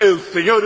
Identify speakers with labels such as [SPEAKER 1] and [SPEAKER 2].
[SPEAKER 1] el Señor